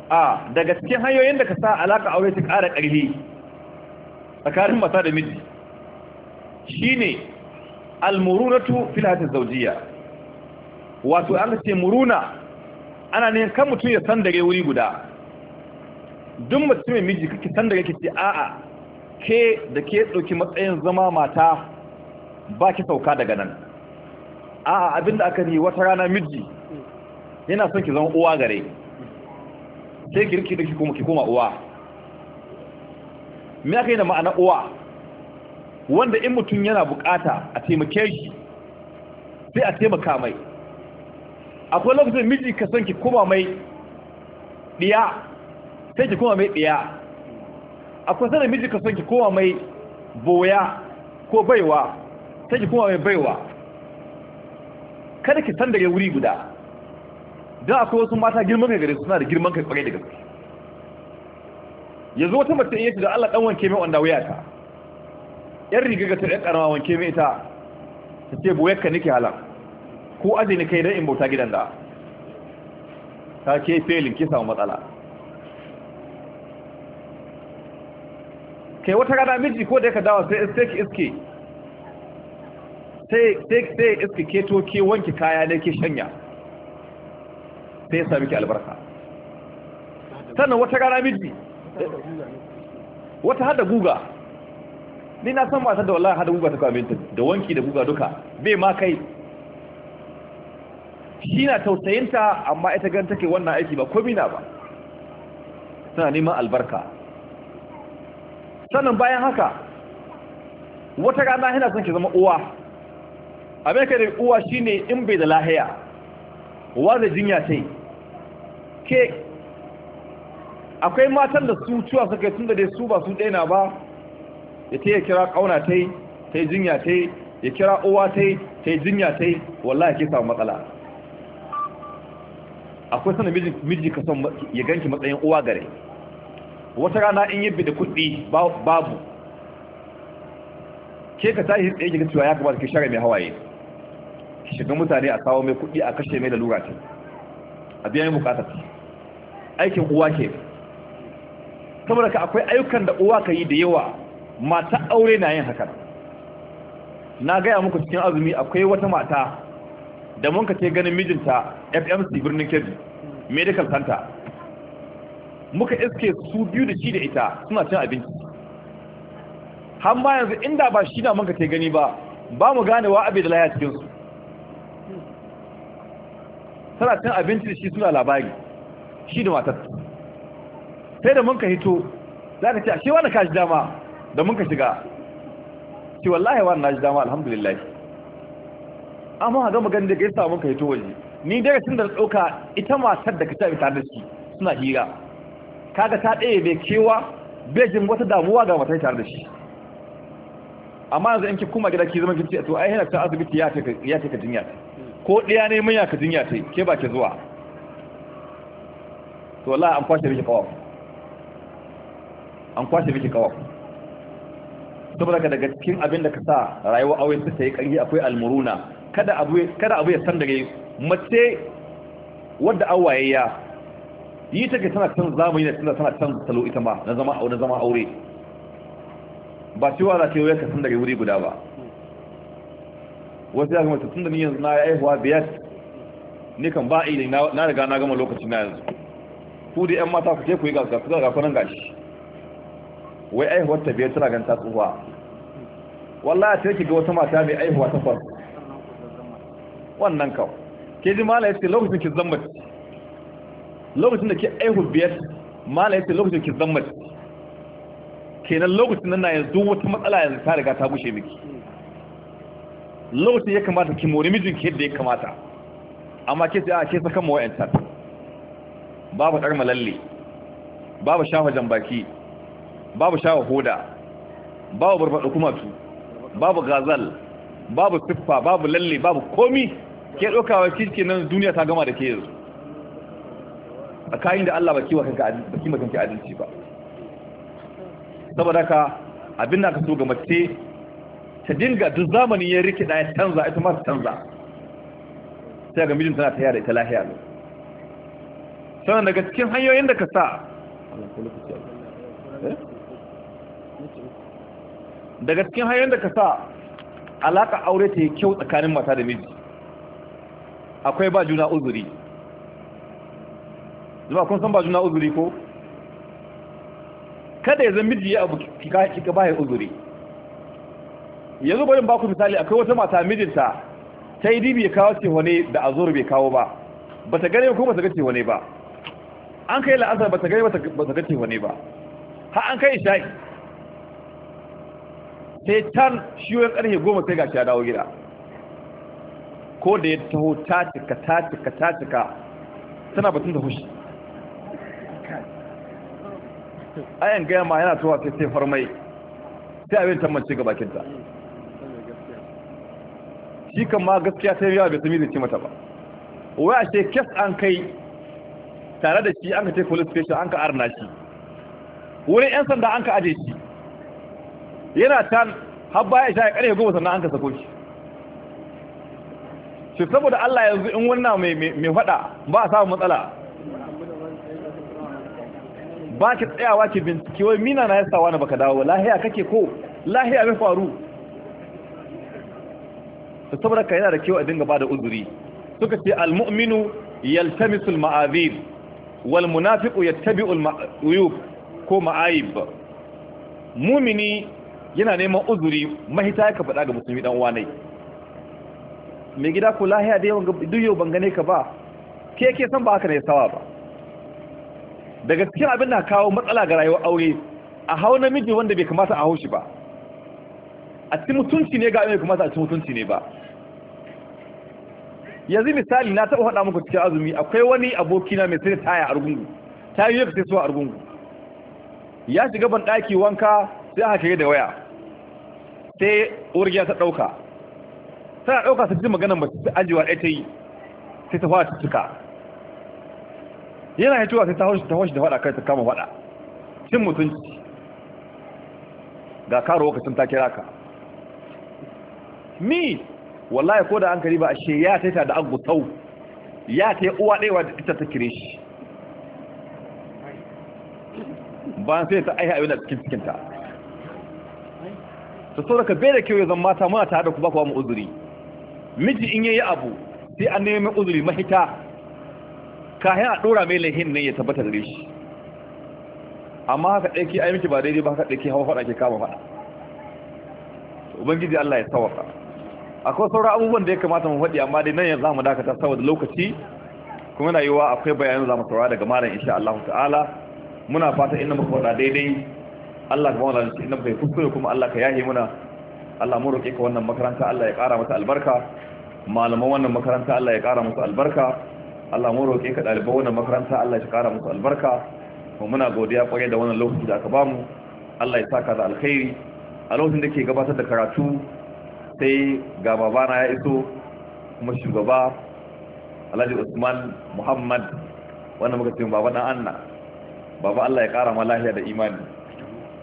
a daga cikin hanyoyin da ka sa alaka aure ta ƙara ƙarfi tsakanin mata da miji shine almurunatu fil hayatiz zawjiyya wato an ce muruna ana ne kan mutum ya sandare wuri guda duk mai miji kake sandare kike a'a ke da ke dauki matsayin zama mata ba ki sauka daga nan a'a abinda aka yi wata rana miji yana son ki zama uwa gare sai ki riki dake kuma ki koma uwa me aka yi da ma'ana uwa wanda in mutum yana bukata a taimake shi sai a taimaka mai akwai lokacin miji ka san ki kuma mai ɗiya sai ki kuma mai ɗiya akwai sanar miji ka san ki kuma mai boya ko baiwa sai ki kuma mai baiwa kada ki san daga wuri guda don akwai wasu mata girman kai gare suna da girman kai kwarai da gaske yanzu wata mace iya ce da Allah dan wanke mai wanda waya ta yar riga ga ta yar karama wanke mai ita ta ce boyar ka nake halar ko aje kai don in bauta gidan da ta ke felin ki samu matsala kai wata gada miji ko da ka dawo sai iske iske sai sai iske ke to ke wanki kaya ne ke shanya sai ya sami ki albarka sannan wata gada miji wata hada guga ni na san matar da wallahi hada guga ta kwamitin da wanki da guga duka bai ma kai shi na tausayinta amma ita gan take wannan aiki ba komi ba tana neman albarka sannan bayan haka wata rana yana son ki zama uwa abin ka da uwa shine in bai da lahiya uwa da jinya sai ke akwai matan da su ciwa suka tun da dai su ba su daina ba ya ta ya kira kauna ta yi ta jinya ta yi ya kira uwa ta yi ta jinya ta yi wallahi ke samu matsala akwai sanar miji ka son ya ganki matsayin uwa gare wata rana in bi da kuɗi babu ke ka tashi tsaye ki cewa ya kamata ki share mai hawaye ki shiga mutane a kawo mai kuɗi a kashe mai da lura ce a biyan bukatar aikin uwa ke saboda ka akwai ayyukan da uwa ka yi da yawa mata aure na yin hakan na gaya muku cikin azumi akwai wata mata da mun ka ce ganin mijinta FMC birnin Kebbi medical center muka iske su biyu da shi da ita suna cin abinci har ma yanzu inda ba shi na mun ka ce gani ba ba mu ganewa abe da laya cikin su tana cin abinci da shi suna labari shi da matar sai da mun ka hito za ka ce a shewa da kashi dama da mun ka shiga ce wallahi wa na ji dama alhamdulillah amma ga magana da gaisa muka kai to waje ni dai tun da dauka ita matar da kace tare da shi suna hira kaga ta ɗaya bai kewa bai jin wata damuwa ga matar tare da shi amma yanzu in ki kuma gida ki zama kici to ai yana ta asibiti ya take ya take jinya ko daya ne mun ya ka jinya tai ke ba ke zuwa to wallahi an kwashe miki kawafu an kwashe miki kawafu saboda daga cikin abin da ka sa rayuwar aure su ta yi ƙarfi akwai almuruna kada abu ya san daga mace wadda awayayya yi take tana can zamani da tana tana can salo ita ma na zama aure zama aure ba cewa za ta yi ka san daga wuri guda ba wasu ya kuma ta da ni yanzu na ya aihuwa biyar ne kan ba ilin na riga na gama lokacin na yanzu ku da yan mata ku je ku yi gasa ku ga kunan gashi wai aihuwar ta biyar tana gan ta wallahi sai ki ga wata mata mai aihuwa farko wannan kawo ke ji mala ya ce lokacin ki zan mace lokacin da ke aihu biyar mala ya ce lokacin ki zan mace kenan lokacin nan na yanzu wata matsala yanzu ta riga ta bushe miki lokacin ya kamata ki mori mijin ki yadda ya kamata amma ke sai a ah, ke saka mawa yantar babu ɗar malalle babu shafa jambaki babu shafa hoda babu barbaɗa su babu gazal babu siffa babu lalle babu komi ke wa kike nan duniya ta gama da ke yanzu a kayan da Allah baki wa kanka ba ma kanka adalci ba saboda ka abin da ka so ga mace ta dinga duk zamanin ya rike da ya canza ita ma ta canza sai ga mijin tana ta yada ita lahiya ne sannan daga cikin hanyoyin da ka sa eh? daga cikin hanyoyin da ka sa alaka aure ta yi kyau tsakanin mata da miji akwai ba juna uzuri zuba kun san ba juna uzuri ko kada ya zan miji ya abu kika ba ya uzuri yanzu bari ba ku misali akwai wata mata mijinta ta yi dibi ya kawo ce wane da a zuru bai kawo ba ba ta gane ko ba ta gace wane ba an kai la'asar ba ta gane ba ta gace wane ba har an kai sha'i sai tan shi wani karfe goma sai shi ya dawo gida ko da ya taho ta cika ta cika ta cika tana batun da hushi ayan gaya ma yana tuwa sai sai farmai sai abin tammanci ga bakinta shi kan ma gaskiya sai yawa bai sami zai ce mata ba wai a ce kes an kai tare da shi an ka ce police station an ka arna shi wurin 'yan sanda an ka aje shi yana can har baya isha ya karfe goma sannan an ka sako shi shi saboda Allah yanzu in wannan mai mai fada ba a samu matsala ba ki tsayawa ki bincike wai mina na yasawa na baka dawo lahiya kake ko lahiya mai faru to saboda ka yana da kyau a dinga bada uzuri suka ce almu'minu yaltamisu alma'azib wal munafiqu yattabi'u al ko ma'ayib mu'mini yana neman uzuri mahita ya ka faɗa ga musulmi ɗan wane mai gida ko lahiya da yawan duk ban gane ka ba ke ke san ba haka ne sawa ba daga cikin abin da kawo matsala ga rayuwar aure a hau namiji wanda bai kamata a haushi ba a cikin mutunci ne ga bai kamata a cikin mutunci ne ba yanzu misali na taɓa faɗa muku cikin azumi akwai wani abokina mai sai taya argungu ta yi yau sai suwa argungu ya shiga ban ɗaki wanka sai aka kire da waya sai wargiya ta ɗauka tana ɗauka ta ji ba mace ta ajiyewa ɗaya ta yi sai ta fara cika yana hituwa sai ta ta haushi da faɗa kai ta kama faɗa cin mutunci ga karo lokacin ta kira ka mi wallahi ko da an kari ba a she ya taita da agutau ya ta uwa ɗaya da ita ta kire shi bayan sai ta aiha abin da cikin cikinta to so ka bai da kyau ya zama mata muna tare da ku ba ku mu uzuri miji in yayi abu sai an nemi uzuri mahita kayan a dora mai laihin ne ya tabbata gare shi amma haka ɗaya yi miki ba daidai ba haka ɗaya hawa faɗa ke kama faɗa ubangiji Allah ya sawaka akwai sauran abubuwan da ya kamata mu faɗi amma dai nan yanzu za mu dakata saboda lokaci kuma na yiwa akwai bayanin za mu saurara daga malam insha Allah ta'ala muna fata inda muka faɗa daidai Allah ka maula shi inda bai kuskure kuma Allah ka yahi muna Allah mu roƙe ka wannan makaranta Allah ya ƙara mata albarka malaman wannan makaranta Allah ya ƙara musu albarka Allah mu roƙe ka ɗaliban wannan makaranta Allah ya ƙara musu albarka kuma muna godiya kwarai da wannan lokaci da aka bamu Allah ya saka da alkhairi a lokacin da ke gabatar da karatu sai ga babana ya iso kuma shugaba Alhaji Usman Muhammad wannan muka ce baba dan Anna baba Allah ya ƙara ma lafiya da imani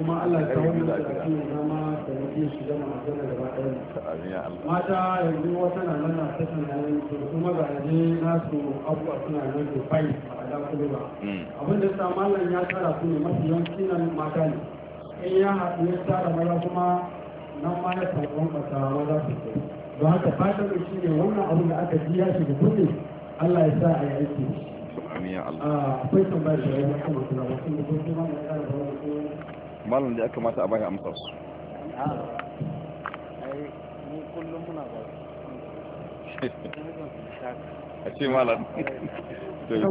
kuma Allah ta wani da ake zama da mutum shi zama a zana gaba ɗaya mata yanzu wata na nan ta tunanin su kuma ga yaje nasu abubuwa suna nan su fai a dakulu ba hmm. abin da sa mallan ya tsara su ne mafi yawanci nan mata ne in ya haɗu ya tsara maza kuma nan ma ya samu ƙasa maza su ke don haka fatan da shi ne wannan abin da aka ji ya shiga kuɗi Allah ya sa a yi aiki. Amin ya Allah. Ah, akwai tambayar da ya yi kuma kuma kuma malam da ya kamata a bayan amsar su ah, a ce malam da yi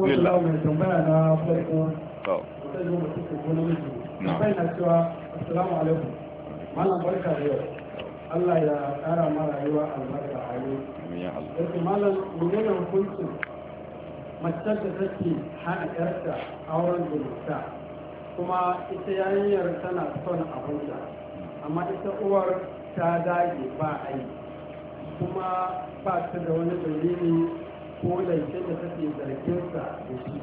zai da Allah ya ƙara mara rayuwa albarka a yau. Yake malam, mene ne hukuncin mace da take hana 'yarta auren zumunta kuma ita yanyar tana son abinta amma ita uwar ta dage ba a yi kuma ba ta da wani dalili ko laifin da take zarginsa da shi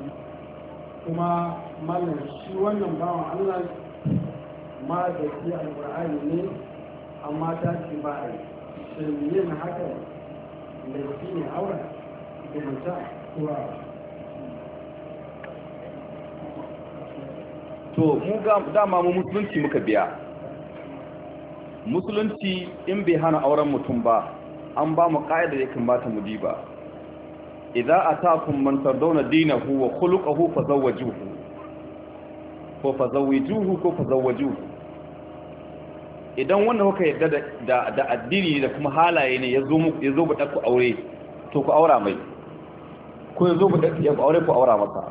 kuma malam shi wannan bawan allah ma da shi alƙur'ani ne amma ta ce ba a yi shin yin hakan laifi ne auren da kuwa to mu dama mu musulunci muka biya musulunci in bai hana auren mutum ba an ba mu ƙa'idar ya kamata mu diba idza ataakum man tardawna dinahu wa khuluquhu fazawwajuhu ko fazawwijuhu ko fazawwajuhu idan wanda kuka yarda da da addini da kuma halaye ne yazo mu yazo ku aure to ku aura mai ko yazo ku aure ku aura maka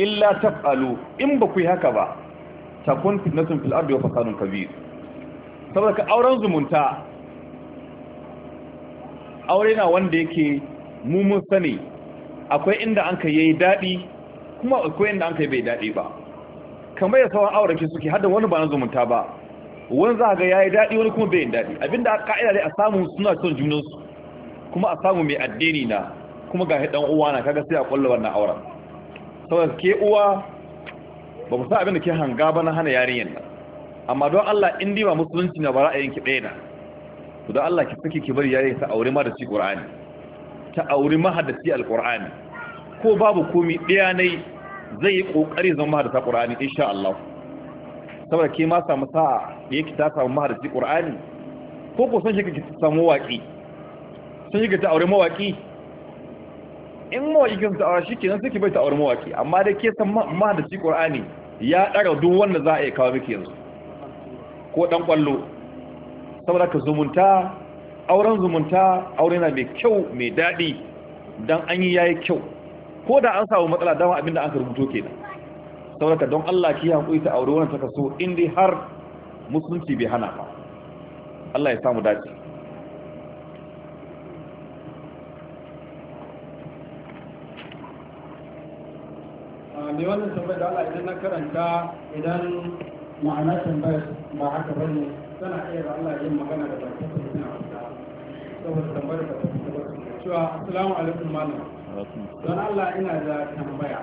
illa taf'alu in ba ku yi haka ba takun fitnatun fil ardi wa fasadun kabir saboda ka auren zumunta aure na wanda yake mu mun sani akwai inda an kai yayi dadi kuma akwai inda an kai bai dadi ba kamar ya sauran auren ki suke hada wani ba na zumunta ba wani za ga yayi dadi wani kuma bai dadi abinda aka ka'ida dai a samu suna son junansu kuma a samu mai addini na kuma ga hidan uwa na kaga sai a kullu wannan auren saboda ke uwa ba mu sa abin da ke hanga ba na hana yarinyar nan amma don Allah in dai ba musulunci na ba ra'ayin ki ɗaya na to don Allah ki saki ki bari yarinyar ta aure ma da Qur'ani ta aure Al-Qur'ani. ko babu komi ɗaya ne zai yi kokari zama mahaddaci in insha Allah saboda ke ma samu sa'a yake ta samu mahadasi Qur'ani ko ko san shi samu waki sun yi ga ta aure mawaki in mawaƙin shi aure nan suke bai ta aure mawaƙi amma dai ke san ma da shi ya ɗara duk wanda za a yi kawo miki yanzu ko ɗan ƙwallo saboda ka zumunta auren zumunta aure na mai kyau mai daɗi don an yi ya yi kyau ko da an samu matsala dama abinda an ka ke nan saboda ka don Allah ki hankuri ta aure wannan ta kaso in dai har musulunci bai hana ba Allah ya samu dace mai wannan tambayar da Allah idan na karanta idan ma'ana tambayar ba haka ne tana iya da Allah yin magana da tana saboda tambayar ta fita ba cewa assalamu alaikum malam don Allah ina da tambaya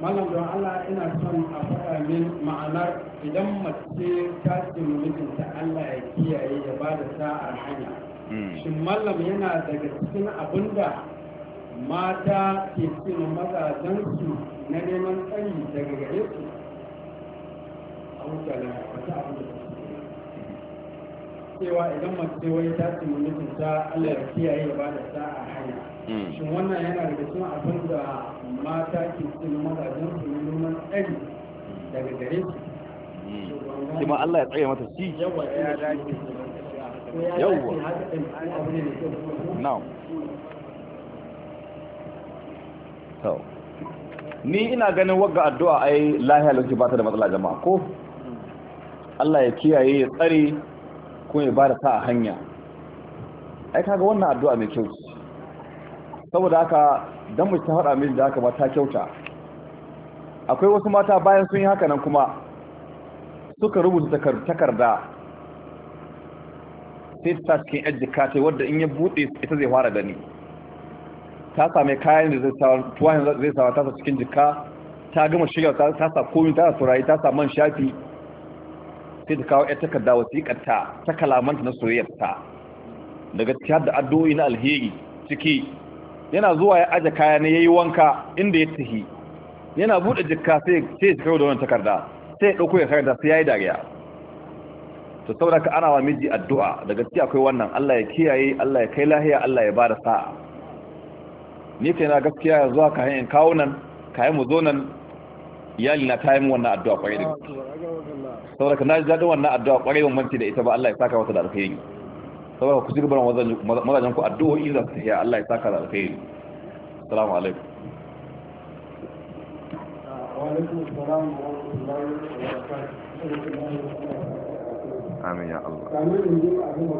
malam don Allah ina son a faɗa min ma'anar idan mace ta ce mijinta Allah ya kiyaye ya ba da sa'ar hanya hmm. shin mallam yana daga cikin da mata ke cin mazajensu na neman tsari daga gare su a wuta wata abu da cewa idan mace wai ta ci mutum ta Allah ya kiyaye ya bada ta a hanya hmm. shin wannan yana daga cikin abin da mata ke cin mazajensu na neman tsari daga gare su kuma hmm. Allah ya tsaye mata shi yawa ya dace yawa na'am ni ina ganin wagga addu'a ai lahiya lokaci ba ta da matsala jama'a ko Allah ya kiyaye ya tsare ko ya bada ta a hanya ai kaga wannan addu'a mai kyau saboda haka dan mu ta fada miji da haka ba ta kyauta akwai wasu mata bayan sun yi haka nan kuma suka rubuta takarda sai ta cikin ajika wadda in ya bude ita zai fara gani ta same kayan da zai sawa tuwayen zai sa ta cikin jika ta gama shirya ta sa komi ta saurayi ta sa man shafi sai ta kawo ƴar takarda wasiƙar ta ta kalamanta na soyayyar ta daga cikin da addu'o'i na alheri ciki yana zuwa ya aje kaya na yayi wanka inda ya tahi yana bude jikka sai sai ya kawo da wannan takarda sai ya dauko ya karanta sai yayi dariya to saboda ka ana wa miji addu'a daga cikin akwai wannan Allah ya kiyaye Allah ya kai lahiya Allah ya bada sa'a ni kai na gaskiya ya zuwa ka in kawo nan ka yi mu zo nan iyali na ta yi wannan addu'a kwarai da ah, gaske saboda na ji daɗin wannan addu'a kwarai ban manci da ita ba Allah ya saka wata da alkhairi saboda ku jirbar mazajen ku addu'o'i za su tafiya Allah ya saka da alkhairi assalamu alaikum ah, amin ya Allah